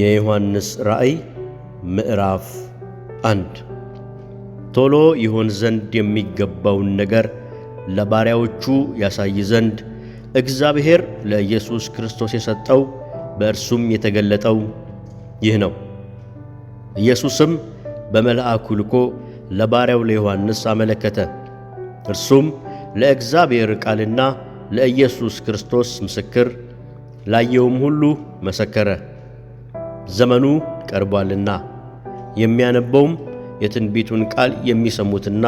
የዮሐንስ ራእይ ምዕራፍ አንድ ቶሎ ይሆን ዘንድ የሚገባውን ነገር ለባሪያዎቹ ያሳይ ዘንድ እግዚአብሔር ለኢየሱስ ክርስቶስ የሰጠው በእርሱም የተገለጠው ይህ ነው። ኢየሱስም በመልአኩ ልኮ ለባሪያው ለዮሐንስ አመለከተ። እርሱም ለእግዚአብሔር ቃልና ለኢየሱስ ክርስቶስ ምስክር፣ ላየውም ሁሉ መሰከረ። ዘመኑ ቀርቧልና የሚያነበውም የትንቢቱን ቃል የሚሰሙትና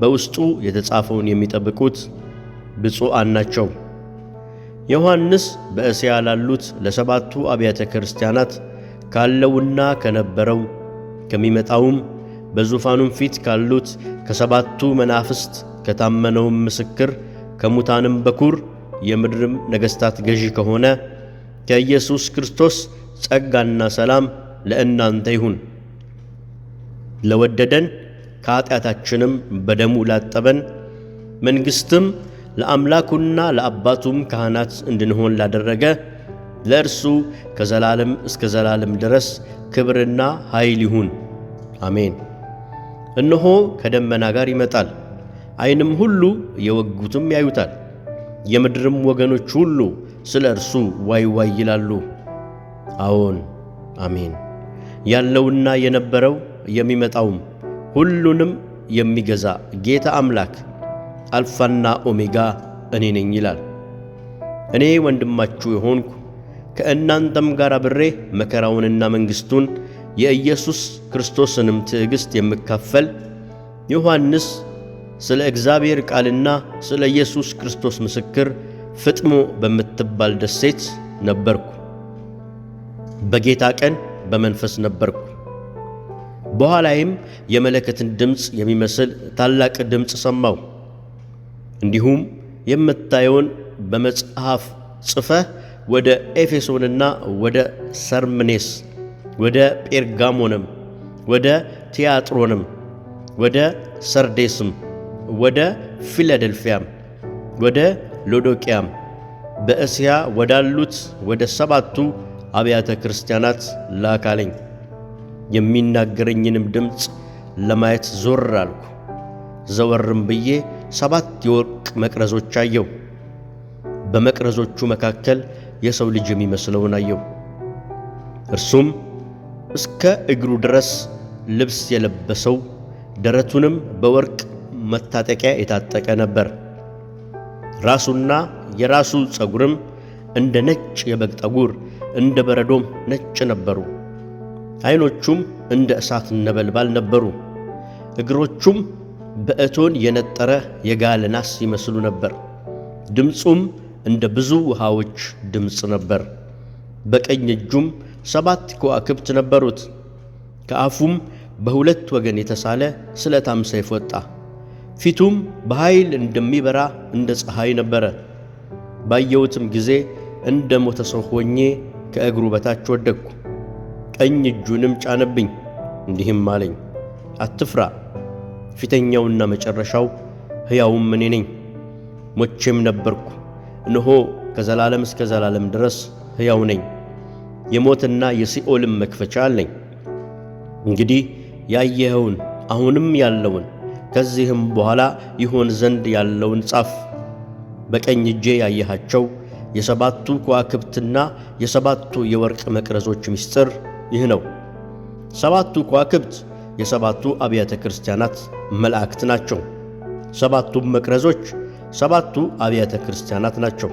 በውስጡ የተጻፈውን የሚጠብቁት ብፁዓን ናቸው። ዮሐንስ በእስያ ላሉት ለሰባቱ አብያተ ክርስቲያናት ካለውና ከነበረው ከሚመጣውም በዙፋኑም ፊት ካሉት ከሰባቱ መናፍስት ከታመነውም ምስክር ከሙታንም በኩር የምድርም ነገሥታት ገዢ ከሆነ ከኢየሱስ ክርስቶስ ጸጋና ሰላም ለእናንተ ይሁን። ለወደደን ከኃጢአታችንም በደሙ ላጠበን መንግሥትም ለአምላኩና ለአባቱም ካህናት እንድንሆን ላደረገ ለእርሱ ከዘላለም እስከ ዘላለም ድረስ ክብርና ኃይል ይሁን፣ አሜን። እነሆ ከደመና ጋር ይመጣል፣ ዓይንም ሁሉ የወጉትም ያዩታል፣ የምድርም ወገኖች ሁሉ ስለ እርሱ ዋይ ዋይ ይላሉ። አዎን አሜን። ያለውና የነበረው የሚመጣውም ሁሉንም የሚገዛ ጌታ አምላክ አልፋና ኦሜጋ እኔ ነኝ ይላል። እኔ ወንድማችሁ የሆንኩ ከእናንተም ጋር አብሬ መከራውንና መንግሥቱን የኢየሱስ ክርስቶስንም ትዕግሥት የምካፈል ዮሐንስ ስለ እግዚአብሔር ቃልና ስለ ኢየሱስ ክርስቶስ ምስክር ፍጥሞ በምትባል ደሴት ነበርኩ። በጌታ ቀን በመንፈስ ነበርኩ። በኋላይም የመለከትን ድምፅ የሚመስል ታላቅ ድምፅ ሰማሁ። እንዲሁም የምታየውን በመጽሐፍ ጽፈህ ወደ ኤፌሶንና ወደ ሰርምኔስ፣ ወደ ጴርጋሞንም፣ ወደ ቲያጥሮንም፣ ወደ ሰርዴስም፣ ወደ ፊላደልፊያም፣ ወደ ሎዶቅያም በእስያ ወዳሉት ወደ ሰባቱ አብያተ ክርስቲያናት ላካለኝ። የሚናገረኝንም ድምፅ ለማየት ዞር አልኩ። ዘወርም ብዬ ሰባት የወርቅ መቅረዞች አየሁ። በመቅረዞቹ መካከል የሰው ልጅ የሚመስለውን አየሁ። እርሱም እስከ እግሩ ድረስ ልብስ የለበሰው ደረቱንም በወርቅ መታጠቂያ የታጠቀ ነበር። ራሱና የራሱ ፀጉርም እንደ ነጭ የበግ ጠጉር እንደ በረዶም ነጭ ነበሩ። አይኖቹም እንደ እሳት ነበልባል ነበሩ። እግሮቹም በእቶን የነጠረ የጋለ ናስ ይመስሉ ነበር። ድምፁም እንደ ብዙ ውሃዎች ድምፅ ነበር። በቀኝ እጁም ሰባት ከዋክብት ነበሩት። ከአፉም በሁለት ወገን የተሳለ ስለታም ሰይፍ ወጣ። ፊቱም በኃይል እንደሚበራ እንደ ፀሐይ ነበረ። ባየሁትም ጊዜ እንደ ሞተ ሰው ሆኜ ከእግሩ በታች ወደቅኩ። ቀኝ እጁንም ጫነብኝ፣ እንዲህም አለኝ፣ አትፍራ፣ ፊተኛውና መጨረሻው ሕያውም እኔ ነኝ። ሞቼም ነበርኩ፣ እነሆ ከዘላለም እስከ ዘላለም ድረስ ሕያው ነኝ፣ የሞትና የሲኦልም መክፈቻ አለኝ። እንግዲህ ያየኸውን አሁንም ያለውን ከዚህም በኋላ ይሆን ዘንድ ያለውን ጻፍ። በቀኝ እጄ ያየሃቸው የሰባቱ ከዋክብትና የሰባቱ የወርቅ መቅረዞች ምስጢር ይህ ነው። ሰባቱ ከዋክብት የሰባቱ አብያተ ክርስቲያናት መላእክት ናቸው። ሰባቱም መቅረዞች ሰባቱ አብያተ ክርስቲያናት ናቸው።